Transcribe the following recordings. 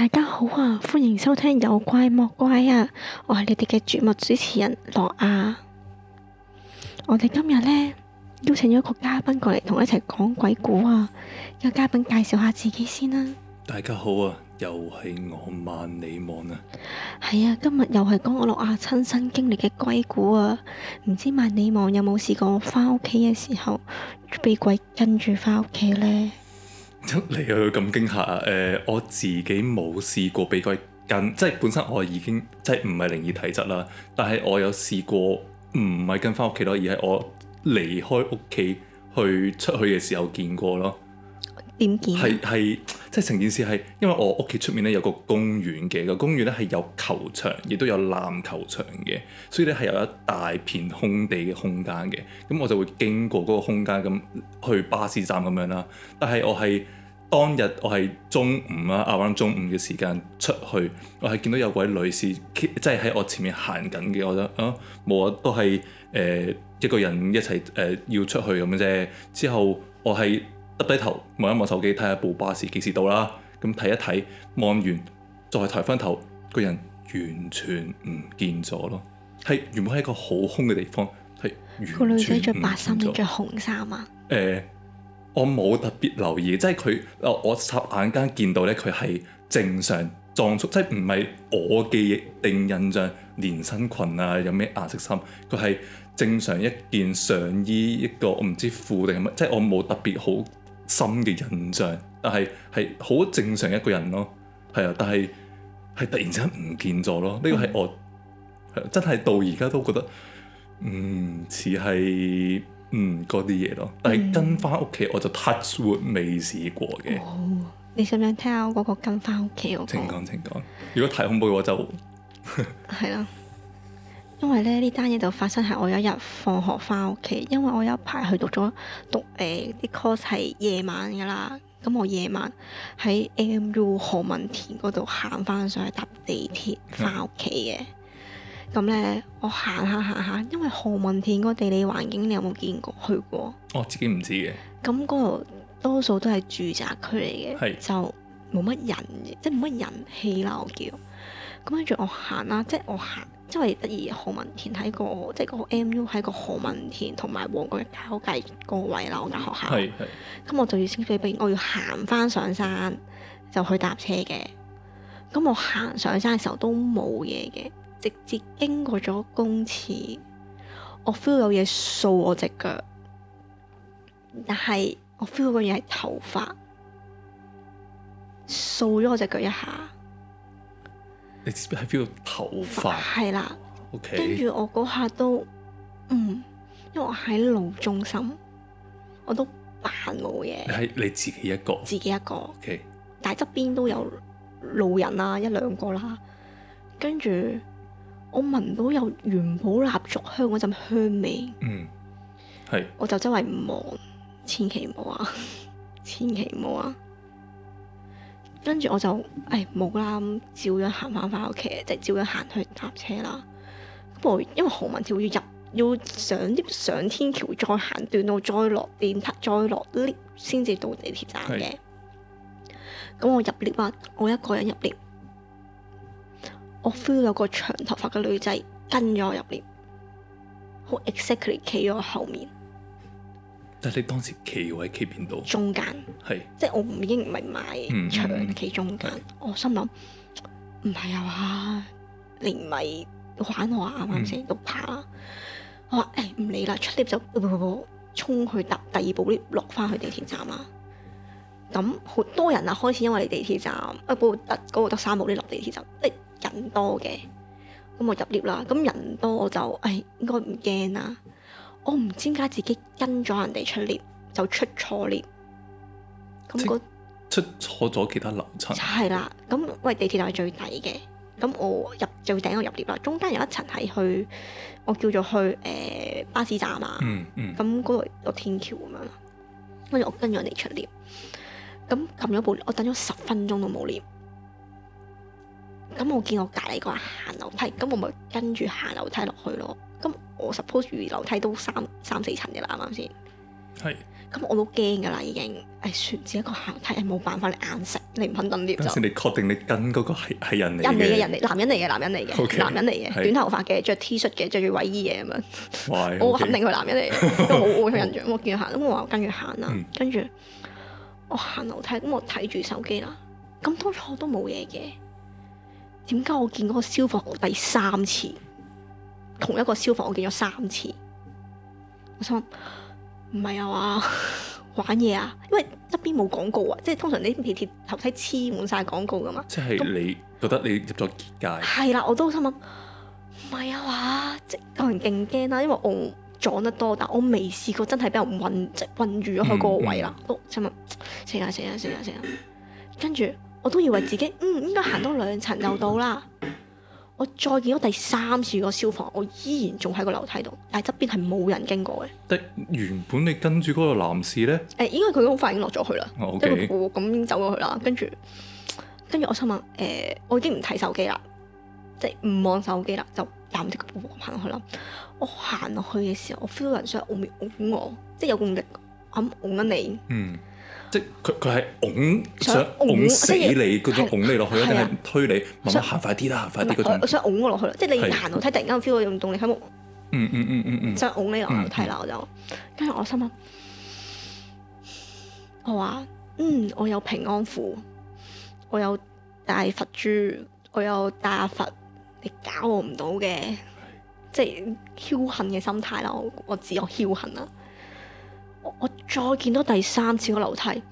大家好啊，歡迎收聽有怪莫怪啊，我係你哋嘅節目主持人羅亞。我哋今日呢，邀請咗一個嘉賓過嚟，同我一齊講鬼故啊。有嘉賓介紹下自己先啦。大家好啊，又係我萬里望啊。係啊，今日又係講我羅亞親身經歷嘅鬼故啊。唔知萬里望有冇試過返屋企嘅時候，俾鬼跟住返屋企呢？出嚟去咁驚嚇啊！誒、呃，我自己冇試過俾鬼跟，即係本身我已經即係唔係靈異體質啦，但係我有試過，唔係跟翻屋企咯，而係我離開屋企去出去嘅時候見過咯。係係，即係成件事係，因為我屋企出面咧有個公園嘅，個公園咧係有球場，亦都有籃球場嘅，所以咧係有一大片空地嘅空間嘅。咁我就會經過嗰個空間咁去巴士站咁樣啦。但係我係當日我係中午啊，啱啱中午嘅時間出去，我係見到有位女士即係喺我前面行緊嘅，我覺得，啊冇啊，都係誒、呃、一個人一齊誒、呃、要出去咁嘅啫。之後我係。耷低頭望一望手機，睇下部巴士幾時到啦。咁睇一睇，望完再抬翻頭，個人完全唔見咗咯。係原本係一個好空嘅地方，係個女仔着白衫着紅衫啊？誒、呃，我冇特別留意，即係佢，我我霎眼間見到咧，佢係正常裝束，即係唔係我記憶定印象連身裙啊？有咩顏色衫？佢係正常一件上衣，一個我唔知褲定係乜，即係我冇特別好深嘅印象，但係係好正常一個人咯，係啊，但係係突然之間唔見咗咯，呢個係我、啊、真係到而家都覺得，嗯似係嗯嗰啲嘢咯，但係跟翻屋企我就 touch wood 未試過嘅、嗯哦。你想唔想聽下我嗰個跟翻屋企嗰個？請講請講，如果太恐怖嘅話就係啦。 因為咧，呢單嘢就發生喺我有一日放學返屋企，因為我有一排去讀咗讀誒啲 course 係夜晚噶啦，咁我夜晚喺 AMU 何文田嗰度行返上去搭地鐵返屋企嘅。咁咧、嗯、我行下行下，因為何文田個地理環境你有冇見過去過？我、哦、自己唔知嘅。咁嗰度多數都係住宅區嚟嘅，是就冇乜人，即係冇乜人氣啦，我叫。咁跟住我行啦，即係我行。即係而何文田喺一，嗰個，即係個 M.U 喺一個何文田同埋旺角嘅交界個位啦，我間學校。咁我就要升飛，我要行翻上山就去搭車嘅。咁我行上山嘅時候都冇嘢嘅，直接經過咗公廁，我 feel 有嘢掃我隻腳，但係我 feel 嗰嘢係頭髮掃咗我隻腳一下。你知唔知喺 feel 到頭髮？係啦了。O K。跟住我嗰刻都，嗯，因為我喺路中心，我都扮冇嘢。你係你自己一個？自己一個。O K。但係側邊都有路人啊，一兩個啦，啊。跟住我聞到有元寶蠟燭香嗰陣香味。嗯。係。我就周圍唔望，千祈唔好啊，千祈唔好啊。跟住我就，唉，冇啦，照樣行翻返屋企，即係照樣行去搭車啦。咁我因為何文田要入，要上啲上天橋，再行段路，再落電塔，再落 lift 先至到地鐵站嘅。咁是我入 lift 啊，我一個人入 lift，我 feel 有個長頭髮嘅女仔跟咗我入 lift，好 exactly 企咗我後面。但係你當時企位企邊度？中間係，即係我唔已經唔係買長期中間，是我，我心諗唔係啊嘛，你唔係玩我啊啱唔啱先？都怕、嗯，我話誒唔理啦，出 lift 就、呃呃呃、衝去搭第二部 lift 落翻去地鐵站啊！咁好多人啊，開始因為地鐵站啊部得嗰個得三部 lift 落地鐵站，即係人多嘅，咁我入 lift 啦，咁人，人多我就誒應該唔驚啊。我唔知點解自己跟咗人哋出 𨋢，就出錯 𨋢。咁個即那出錯咗其他樓層。係啦，咁喂地鐵就係最底嘅，咁我入最頂我入 𨋢 啦，中間有一層係去，我叫做去誒、呃、巴士站啊。咁嗰度有天橋咁樣，跟住我跟咗人哋出 𨋢，咁撳咗部，我等咗十分鐘都冇 𨋢。咁我見我隔籬個人行樓梯，咁我咪跟住行樓梯落去咯。咁我 suppose 住樓梯都三三四層嘅啦，啱啱先是？係。咁我都驚嘅啦，已經。誒，算只一個行梯，係冇辦法你硬食，你唔肯等啲。就算你確定你跟嗰個係係人嚟？人嚟嘅人嚟，男人嚟嘅男人嚟嘅，okay, 男人嚟嘅，是短頭髮嘅，着 T 恤嘅，着住衛衣嘢咁樣。Why, 我肯定佢男人嚟嘅，因、嗯、為我印象我見佢行，咁我話跟住行啦，跟住我行樓梯，咁我睇住手機啦。咁當初都冇嘢嘅，點解我見嗰個消防第三次？同一個消防我見咗三次，我想問，唔係啊嘛？ 玩嘢啊？因為一邊冇廣告啊，即係通常啲地鐵頭先黐滿晒廣告噶嘛，即係你覺得你入咗結界，係啦都、 啊，我都想問，唔係啊嘛，即係有人勁驚啦，因為我撞得多，但我未試過真係俾人困，即係困住咗佢個位啦、啊。我請、嗯、問，醒下醒下醒下醒下，跟住我都以為自己，嗯，應該行多兩層就到啦。 我再見到第三次個消防，我依然仲喺個樓梯度，但側邊係冇人經過嘅。原本你跟住嗰個男士呢？誒、欸，因為佢好快已經落咗去啦，即佢步步咁走咗去啦，跟住跟住我心諗，誒、欸，我已經唔睇手機啦，即唔望手機啦，就慢啲步步行落去啦。我行落去嘅時候，我 feel 到人想拱拱我，即有咁力咁拱緊你。嗯。即係佢佢係拱，想拱死你，佢想拱你落去，一定係推你，慢慢行快啲啦，行快啲，我想拱我落去咯，即係你行樓梯突然間 feel 到用動力喺度。嗯嗯嗯嗯嗯。想拱你落樓梯啦，我就跟住我心諗，我話嗯，我有平安符，我有大佛珠，我有大佛，你搞我唔到嘅，即係僥倖嘅心態啦。我我自我僥倖啦。我再見到第三次個樓梯，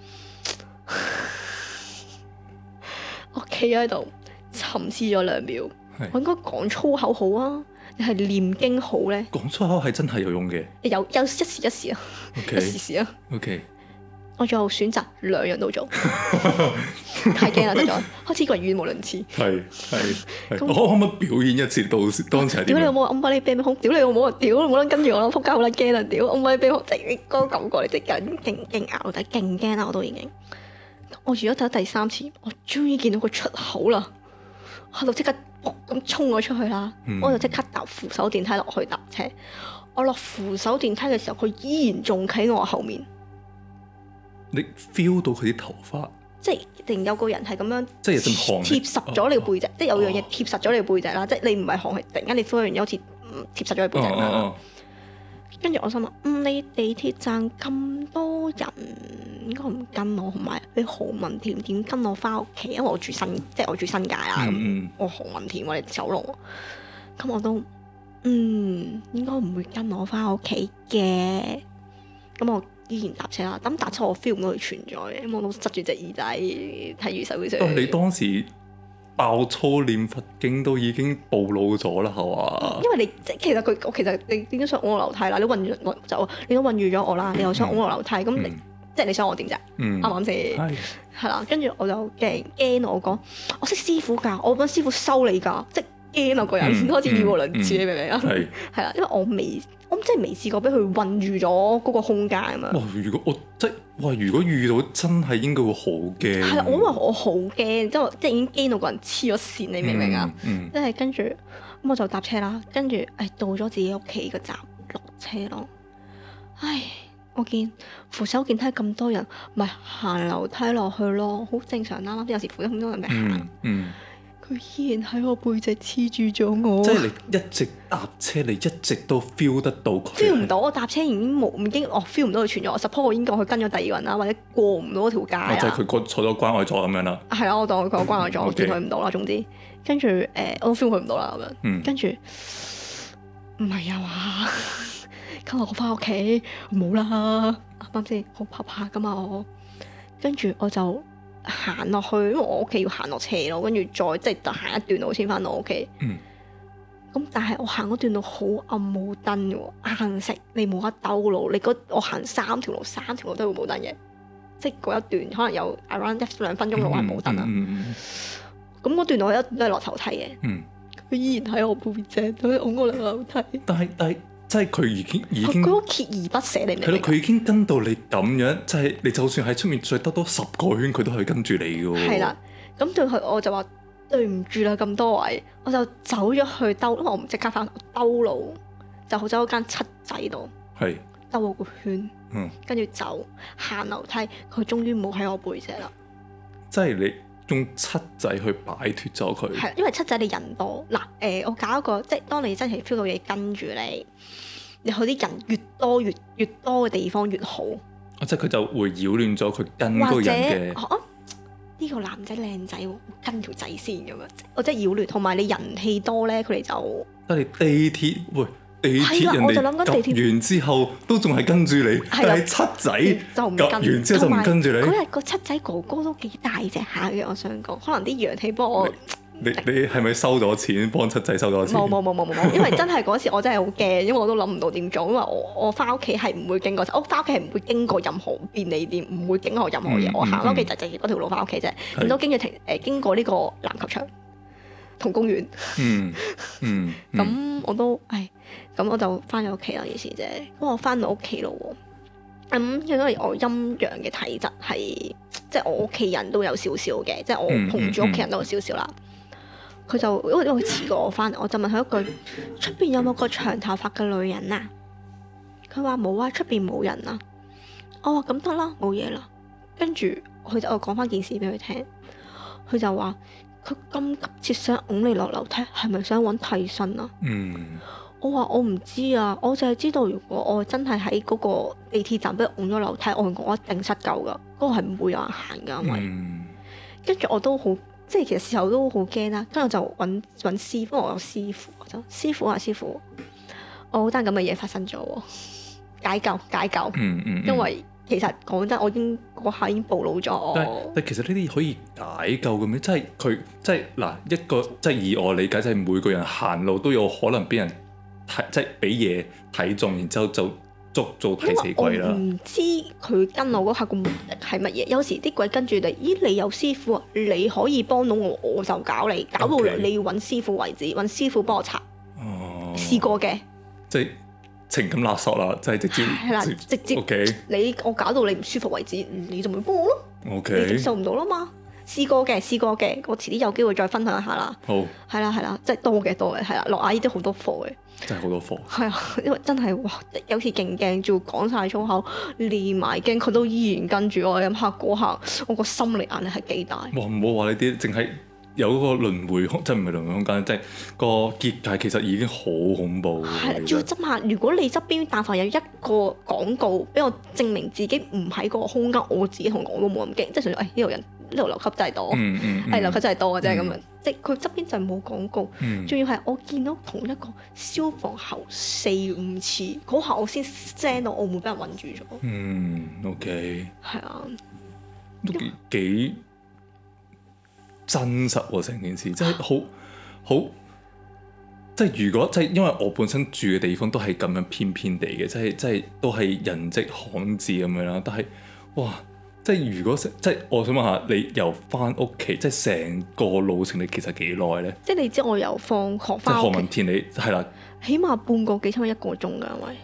我企喺度沉思咗兩秒。是我應該講粗口好啊，你係念經好呢？講粗口係真係有用嘅。有有一時一時啊，Okay. 一時時啊。O Okay . K，我最後選擇兩樣都做。 太驚啦！開始一個人語無倫次，係係我可唔可以表演一次？當時當時係點？屌你有冇啊？Omega 杯咩？屌你有冇啊？屌你冇諗跟住我啦！仆街好撚驚啦！屌 Omega 杯，我即刻嗰個感覺，你即刻已經勁咬到底，勁驚啦！我都已經我住咗第第三次，我終於見到個出口啦！我就即刻咁衝咗出去啦！我就即刻搭扶手電梯落去搭車。我落扶手電梯嘅時候，佢依然仲喺我後面。你 feel 到佢啲頭髮？即係突然有個人係咁樣貼貼實咗你個背脊，即係有樣嘢貼實咗你背脊啦。即係你唔係寒，係突然間你忽然好似貼實咗你背脊啦。跟住、oh、我心諗，oh oh 嗯，你地鐵站咁多人，應該唔跟我，同埋你何文田點跟我返屋企？因為我住新，即係我住新界啦、嗯嗯嗯。我何文田，我哋走咯、啊。咁我都嗯，應該唔會跟我返屋企嘅。咁、嗯嗯、我。嗯嗯嗯依然搭車啦，咁搭車我 feel 唔到佢存在嘅，我老塞住隻耳仔睇住手機上。你當時爆粗念佛經都已經暴露咗啦，係嘛？因為,因為你即係其實佢，我其實你點都想我落樓梯啦，你混住我走，你都混住咗我啦，你又想我落樓梯，咁即係你想我點啫？啱唔啱先？係係啦，跟住唉我就驚驚我講，我,我識師傅㗎，我揾師傅收你㗎，即驚啊！個人開始語無倫次，你明唔明啊？係係啦，因為我未，我真係未試過俾佢困住咗嗰個空間啊嘛。哇！如果我即係哇，如果遇到真係，應該會好驚。係，我因為我好驚，即係即係已經驚到個人黐咗線，你明唔明啊？嗯嗯、即係跟住咁我就搭車啦，跟住誒到咗自己屋企個站落車咯。唉，我見扶手電梯咁多人，咪行樓梯落去咯，好正常啦。有時扶手咁多人咪行。嗯。佢依然喺我背脊黐住咗我。即係你一直搭車，你一直都 feel 得到佢。feel 唔到，我搭車已經冇，唔應、哦、我 feel 唔到佢存咗。Suppose 我應該佢跟咗第二個人啦，或者過唔到嗰條街、啊、就係、是、佢坐咗關愛座咁樣啦。係啦、啊，我當佢坐關愛座，我見佢唔到啦。總之，跟住誒、呃，我 feel 佢唔到啦咁樣。嗯、跟住唔係啊等等怕怕嘛，跟住我翻屋企冇啦，啱先好怕怕噶嘛我。跟住我就，行落去，因為我屋企要行落斜路，跟住再即係行一段路先翻到屋企。咁、嗯、但係我行嗰段路好暗冇燈嘅，硬食你冇得兜路，你我行三條路三條路都會冇燈嘅，即係嗰一段可能有 around 一兩分鐘路係冇燈啊。咁嗰、嗯嗯、段路一段都係落樓梯嘅。佢、嗯、依然喺我背脊，都㧬我落樓梯。但但係。 即係佢已經已經，佢好鍥而不捨，你明唔明？佢已經跟到你咁樣，即係你就算喺出面再兜多十個圈，佢都係跟住你嘅。係啦，咁對佢我就話對唔住啦，咁多位，我就走咗去兜，因為我唔即刻翻兜路，就好走咗間七仔度。係的兜我個圈，嗯，跟住走行樓梯，佢終於冇喺我背脊啦。即係你。用七仔去擺脫咗佢，係因為七仔你人多嗱。誒、啊呃，我搞一個即係當你真係 feel 到嘢跟住你，你去啲人越多越越多嘅地方越好，即係佢就會擾亂咗佢跟嗰人嘅、啊啊呢個。或者呢個男仔靚仔喎，跟條仔先咁樣，我即係擾亂，同埋你人氣多咧，佢哋就例如地鐵會。喂我就地鐵人哋 𥁤 完之後都仲係跟住你，係的七仔 𥁤 完之後就跟住你。嗰日個七仔哥哥都幾大隻下嘅，我想講，可能啲陽氣幫我。你你係咪收咗錢幫七仔收咗錢？冇冇冇冇冇，因為真係嗰次我真係好驚，因為我都諗唔到點做，因為我我翻屋企係唔會經過，我翻屋企唔會經過任何便利店，唔會經過任何嘢，嗯嗯、我行翻屋企就直接嗰條路翻屋企啫，咁都跟住停誒經過呢個籃球場。同公園，嗯嗯，咁我都，唉，咁我就翻咗屋企啦，於是啫。咁我翻到屋企咯，咁、um, 因為我陰陽嘅體質係，即、就、係、是、我屋企人都有少少嘅，即、就、係、是、我同住屋企人都有少少啦。佢 就因為因為遲過我翻嚟，我就問佢一句：出邊有冇個長頭髮嘅女人啊？佢話冇啊，出邊冇人啊。我話咁得啦，冇嘢啦。跟住佢就我講翻件事俾佢聽，佢就話。佢咁急切想拱你落樓梯，係咪想揾替身啊？嗯，我話我唔知啊，我就係知道如果我真係喺嗰個地鐵站俾拱咗樓梯，我我一定失救噶，嗰、嗰個係唔會有人行噶，嗯、因為，跟住我都好，即係其實事後都好驚啦。跟住我就揾揾師傅，我有師傅就師傅啊，師傅，我好擔心咁嘅嘢發生咗，解救解救，嗯嗯嗯、因為。其實講真，我已經嗰下已經暴露咗我。但但其實呢啲可以解救咁樣，即係佢即係嗱一個即係以我理解，就係每個人行路都有可能俾人睇，即係俾嘢睇中，然之後就捉做睇死鬼啦。唔知佢跟我嗰刻嘅目的係乜嘢。有時啲鬼跟住你，咦？你有師傅你可以幫到我，我就搞你，搞到你揾 Okay. 師傅為止，揾師傅幫我查。哦。試過嘅。即係。情感勒索啦，就係直接， 直接，你 Okay, 我搞到你唔舒服為止，你就咪過咯。O Okay , K，受唔到啦嘛，試過嘅，試過嘅，我遲啲有機會再分享一下啦。好、oh，係啦係啦，即係多嘅多嘅係啦，落阿姨都好多課嘅，真係好多課。係啊， 因為真係哇，有次勁驚，仲講晒粗口，連埋驚，佢都依然跟住我咁嚇過嚇，我個心理壓力係幾大。哇、嗯，唔好話呢啲，淨係。有嗰個輪迴空，即係唔係輪迴空間，即係個結界，其實已經好恐怖。仲的覺要執下，如果你側邊但凡有一個廣告俾我證明自己唔喺嗰個空間，我自己同我都冇咁驚。即係純粹，誒呢度人呢度樓級真係多，係樓、嗯嗯、級真係多嘅啫咁樣！即係佢側邊就冇廣告，仲、嗯、要係我見到同一個消防喉四五次嗰下、那個，我先正到我冇俾人韞住咗。嗯，OK。係啊，都幾。真實喎，成件事，即係好好，即係、啊，如果即係因為我本身住嘅地方都係咁樣偏偏地嘅，即係即係都係人跡罕至咁樣啦。但係哇，即係如果即係我想問下你由翻屋企，即係成個路程你其實幾耐咧？即係你知我由放學翻屋企，即何文田你係啦，起碼半個幾鐘一個鐘噶，因為。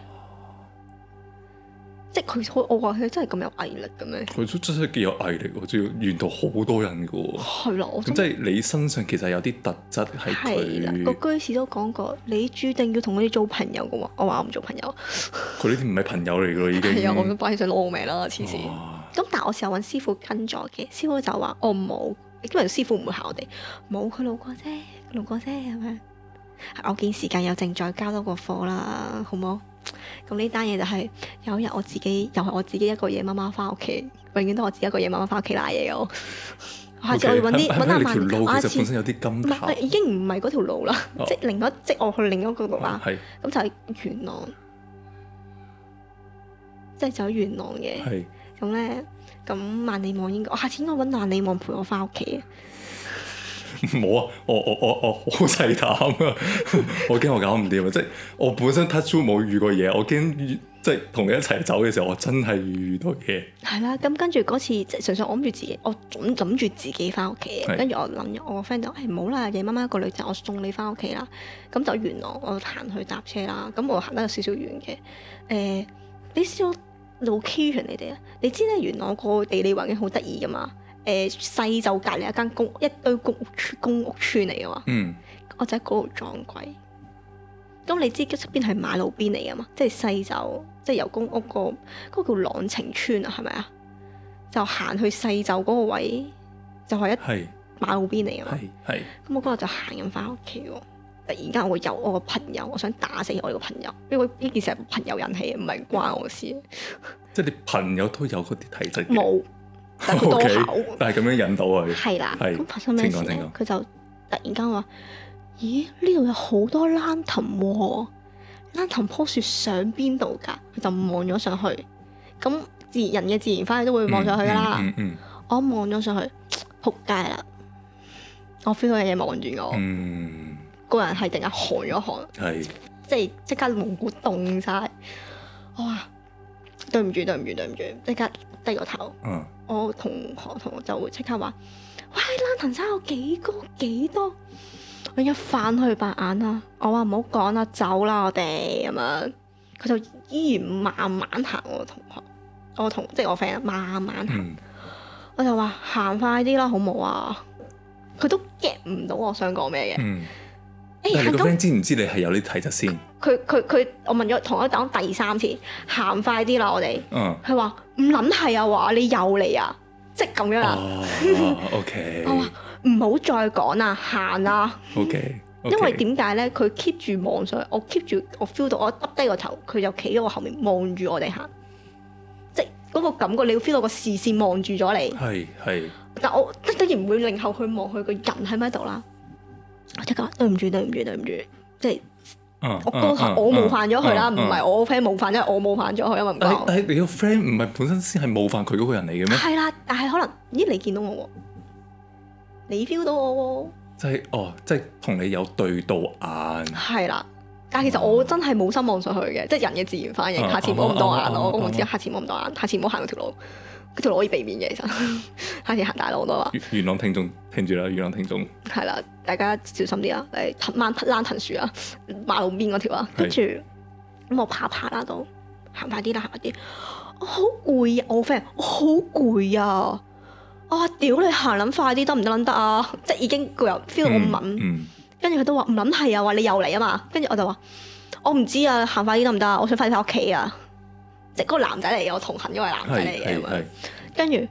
即係佢，我話佢真係咁有毅力嘅咩？佢真係幾有毅力喎，仲沿途好多人嘅喎。係啦，即係你身上其實有啲特質係佢。係啦，個居士都講過，你注定要同佢哋做朋友嘅喎。我話我唔做朋友。佢呢啲唔係朋友嚟嘅咯，已經。係啊，我都快啲想攞哇我命啦，黐線。咁但係我成日揾師傅跟咗嘅，師傅就話我冇，因為師傅唔會考我哋，冇佢路過啫，路過啫係咪？我見時間又正在交多個課啦，好冇？咁呢單嘢就係有一日，我自己又係我自己一個夜媽媽翻屋企，永遠都我自己一個夜媽媽翻屋企賴嘢我。下次我要揾啲揾阿萬路，其實本身有啲金已經唔係嗰條路啦，即係另一即我去另一個路啊，咁就喺元朗，即係就元朗嘅。咁咧咁萬里望應該，我下次應該揾萬里望陪我翻屋企。冇啊！ 我我我我好細膽啊！ 我驚我搞唔掂啊！即係我本身 touch 冇遇過嘢，我驚即係同你一齊走嘅時候，我真係遇到嘢。係啦、啊，咁跟住嗰次即係純粹我諗住自己，我總諗住自己返屋企。是跟住我諗，我個 friend 就誒唔好啦，夜媽媽一個女仔，我送你返屋企啦。咁就元朗，我行去搭車啦。咁我行得有少少遠嘅。誒、欸，畀少少 location，你哋啊？你知咧，元朗個地理環境好得意噶嘛。誒西就隔離一間公一堆公屋村公屋村嚟㗎嘛，嗯、我就喺嗰度撞鬼。咁你知出邊係馬路邊嚟㗎嘛？即、就、係、是、西就即、是、係由公屋個嗰、嗰個叫朗晴村啊，係咪啊？就行去西就嗰個位，就係、是、一馬路邊嚟㗎嘛。咁我嗰日就行緊返屋企喎，是突然間我有我個朋友，我想打死我呢個朋友，因為呢件事係朋友引起，唔係關我事。 即係你朋友都有嗰啲體質？冇。但多口，okay, 但係咁樣引到佢。係啦，咁是發生咩事咧？佢就突然間話：咦，呢度有好多 lantern 喎，lantern 棵樹上邊度噶？佢就望咗上去。咁自然人嘅自然反應都會望上去啦。嗯嗯嗯嗯、我望咗上去，仆街啦！我 feel 到有嘢望住我。嗯、個人係突然間寒咗寒，係、嗯、即係即刻蒙古凍晒。我話。對唔住，對唔住，對唔住，即刻低個頭。哦、我同學同學就會即刻話，喂，拉藤山有幾高幾多？我多多一翻去白眼啦，我話唔好講啦，走啦我哋咁樣。佢就依然慢慢行。我同學，我同即係我 friend 慢慢行。嗯、我就話行快啲啦，好冇啊！佢都 get 唔到我想講咩嘢。但係你個 friend、哎嗯、知唔知你係有啲體質先？嗯佢佢佢，我問咗同一講第三次，行快啲啦，我哋。嗯。佢話唔諗，係啊，話你又嚟啊，即係咁樣啦。OK。我話唔好再講啦，行啦。OK。因為點解咧？佢 keep 住望上去，我 keep 住，我 feel 到我耷低個頭，佢就企喺我後面望住我哋行。即係嗰個感覺，你會 feel 到個視線望住咗你。係係。 但係我，當然唔會令後去望佢個人喺咪度啦。我即刻對唔住，對唔住，對唔住，即係。Uh, uh, uh，我告我冒犯咗佢啦，唔係我 friend 冒犯，因為我冒犯咗佢，因為唔講。但係你個 friend 唔係本身先係冒犯佢嗰個人嚟嘅咩？係啦、啊，但係可能，咦、喔？你見到我、喔，你 feel 到我，即係哦，即係同你有對到眼。係啦、啊，但係其實我真係冇心望上去嘅，即係人嘅自然反應。下次冇咁多眼咯，我知下次冇咁多眼，下次唔好行嗰條路。條路可以避免嘅，其 實下次行大路好多啦。元朗聽眾聽住啦，元朗聽眾。係啦，大家小心啲啦，誒掹掹掹藤樹啊，馬路邊嗰條啊，跟住咁我爬爬啦都，行快啲啦，行快啲，我好攰啊，我 friend，我好攰啊，我、啊、屌你行撚快啲得唔得撚得啊？即係已經個又 feel 到好敏，跟住佢都話唔撚係啊，話你又嚟啊嘛，跟住我就話我唔知啊，行快啲得唔得啊？我想快啲翻屋企啊。即係嗰個男仔嚟嘅，我同行一位男仔嚟嘅，跟住。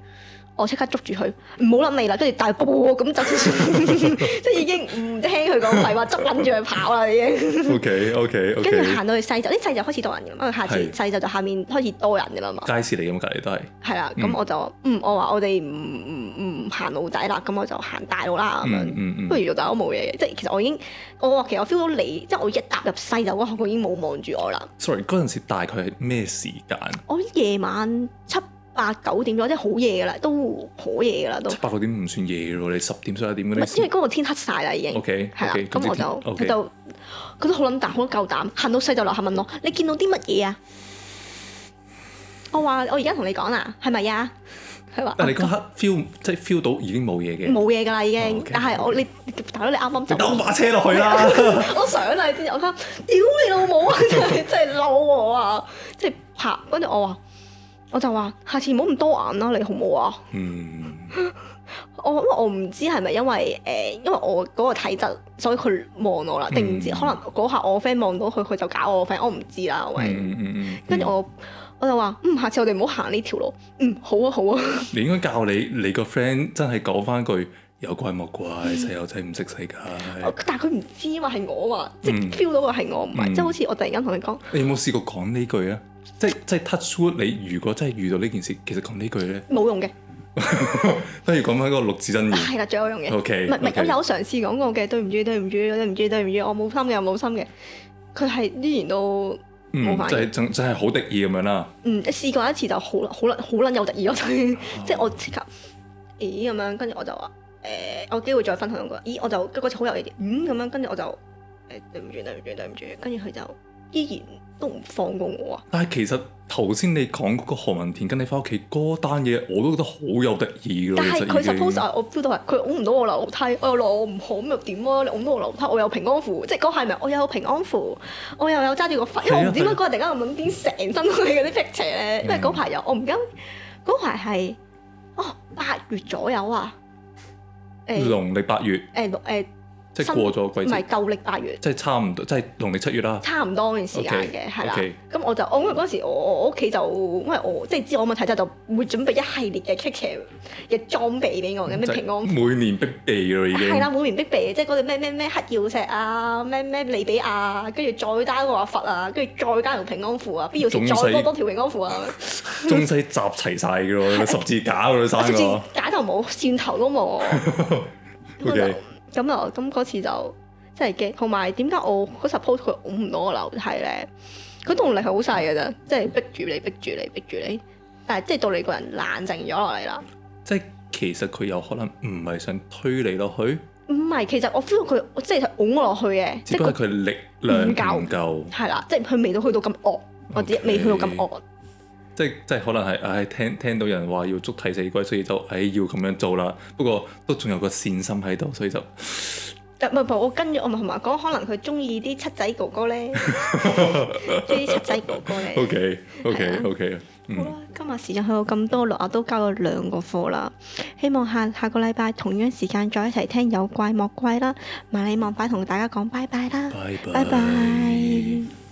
我即刻捉住佢，唔好諗你啦，跟住大波咁就， 即係已經唔聽佢講廢話，執撚住佢跑啦已經。O K O K 跟住行到去西就，啲西就開始多人，因為下次西就就下面開始多人噶啦嘛。是街市嚟㗎，隔離都係。係啦、嗯，咁我就嗯，我話我哋唔唔唔行路仔啦，咁我就行大路啦咁樣，不如、嗯嗯嗯、就大都冇嘢嘅，即係其實我已經，我話其實我 feel 到你，即係我一踏入西就嗰刻我已經冇望住我啦。Sorry，嗰陣時大概係咩時間？我夜晚七。八九點咗，即係好夜啦，都好夜啦，都。八九點唔算夜咯，你十點十一點嗰啲。因為嗰個天黑晒啦，已經。O K 係啦，咁我就佢就覺得好膽，好夠膽，行到西就樓下問我：你見到啲乜嘢啊？我話：我而家同你講啦，係咪啊？佢話。但你嗰刻 feel 即係 feel 到已經冇嘢嘅。冇嘢噶啦，已經。但係我你大佬你啱啱就。等我把車落去啦。我上啦，先我心屌你老母啊！真係真係嬲我啊！即係拍，跟住我話。我就話下次唔好咁多眼啦，你好唔好啊？嗯、 我我唔知係咪因為誒，因為我嗰、呃、個體質，所以佢望我啦。定唔知，嗯、可能嗰下我 friend 望到佢，佢就搞我 friend，我唔知啦，喂！跟住、嗯嗯、我我就話嗯，下次我哋唔好行呢條路。嗯，好啊，好啊。你應該教你你個 friend 真係講翻句。有怪莫怪，細路仔唔識世界。但係佢唔知嘛，係我嘛，即係 feel 到嘅係我，唔係即係好似我突然間同你講。你有冇試過講呢句啊？即係即係 touch 你如果真係遇到呢件事，其實講呢句咧，冇用嘅。不如講翻嗰個六字真言係啦，最有用嘅。O K，唔係唔係，我有嘗試講過嘅，對唔住，對唔住，對唔住，對唔住，我冇心嘅，又冇心嘅。佢係依然都冇反應，真係真係好得意咁樣啦。嗯，試過一次就好，好撚好撚有得意咯。即係我即刻，咦咁樣，跟住我就話。誒，呃、我有機會再分享兩個。咦，我就嗰次好有意義，嗯咁樣。跟住我就誒對唔住，對唔住，對唔住。跟住佢就依然都唔放過我啊！但係其實頭先你講嗰個何文田，跟你返屋企嗰單嘢，我都覺得好有特意。但係是佢 suppose 我 feel 到係佢揺唔到我樓梯，我又攞唔好咁又點啊？你揾到我樓梯，我有平安符，即係嗰排咪我有平安符，我又有揸住個、啊、因為我唔知點解嗰日突然間我冇點成身都係嗰啲 picture 咧，因為嗰排有我唔敢。嗰排係哦八月左右啊。哦哦農曆、欸、八月。欸欸即係過咗季，唔係舊曆八月，即係差唔多，即係農曆七月啦。差唔多嗰段時間嘅，係啦。咁我就我因為嗰時我我屋企就因為我即係知我問題就就會準備一系列嘅出場嘅裝備俾我嘅咩平安。每年必備咯，已經係啦，每年必備嘅即係嗰啲咩咩咩黑曜石啊，咩咩利比亞跟住再加個阿佛啊，跟住再加條平安符啊，必要時再多多條平安符啊。中西集齊晒嘅喎，十字架嗰啲，十字架就冇，蒜頭都冇。咁咯，咁嗰次就真係驚。同埋點解我嗰十鋪佢擁唔到我樓梯咧？佢動力係好細㗎咋，即係逼住你，逼住你，逼住你，但係即係到你個人冷靜咗落嚟啦。即係其實佢有可能唔係想推你落去。唔係，其實我 feel 佢，就是、我即係擁我落去嘅，只不過佢力量唔夠，係啦夠，即係佢未到去到咁惡，我知 Okay. 未去到咁惡。即係可能係，唉、哎，聽聽到有人話要捉替死鬼，所以就，唉、哎，要咁樣做啦。不過都仲有個善心喺度，所以就。唔係我跟住我咪同埋講，可能佢中意啲七仔哥哥呢，中意 七仔哥哥咧。O K O K O K。Okay, 嗯、好啦，今日時間去到咁多啦，我都交咗兩個課啦。希望下下個禮拜同樣時間再一齊聽有怪莫怪啦。萬里萬快同大家講拜拜啦，拜拜。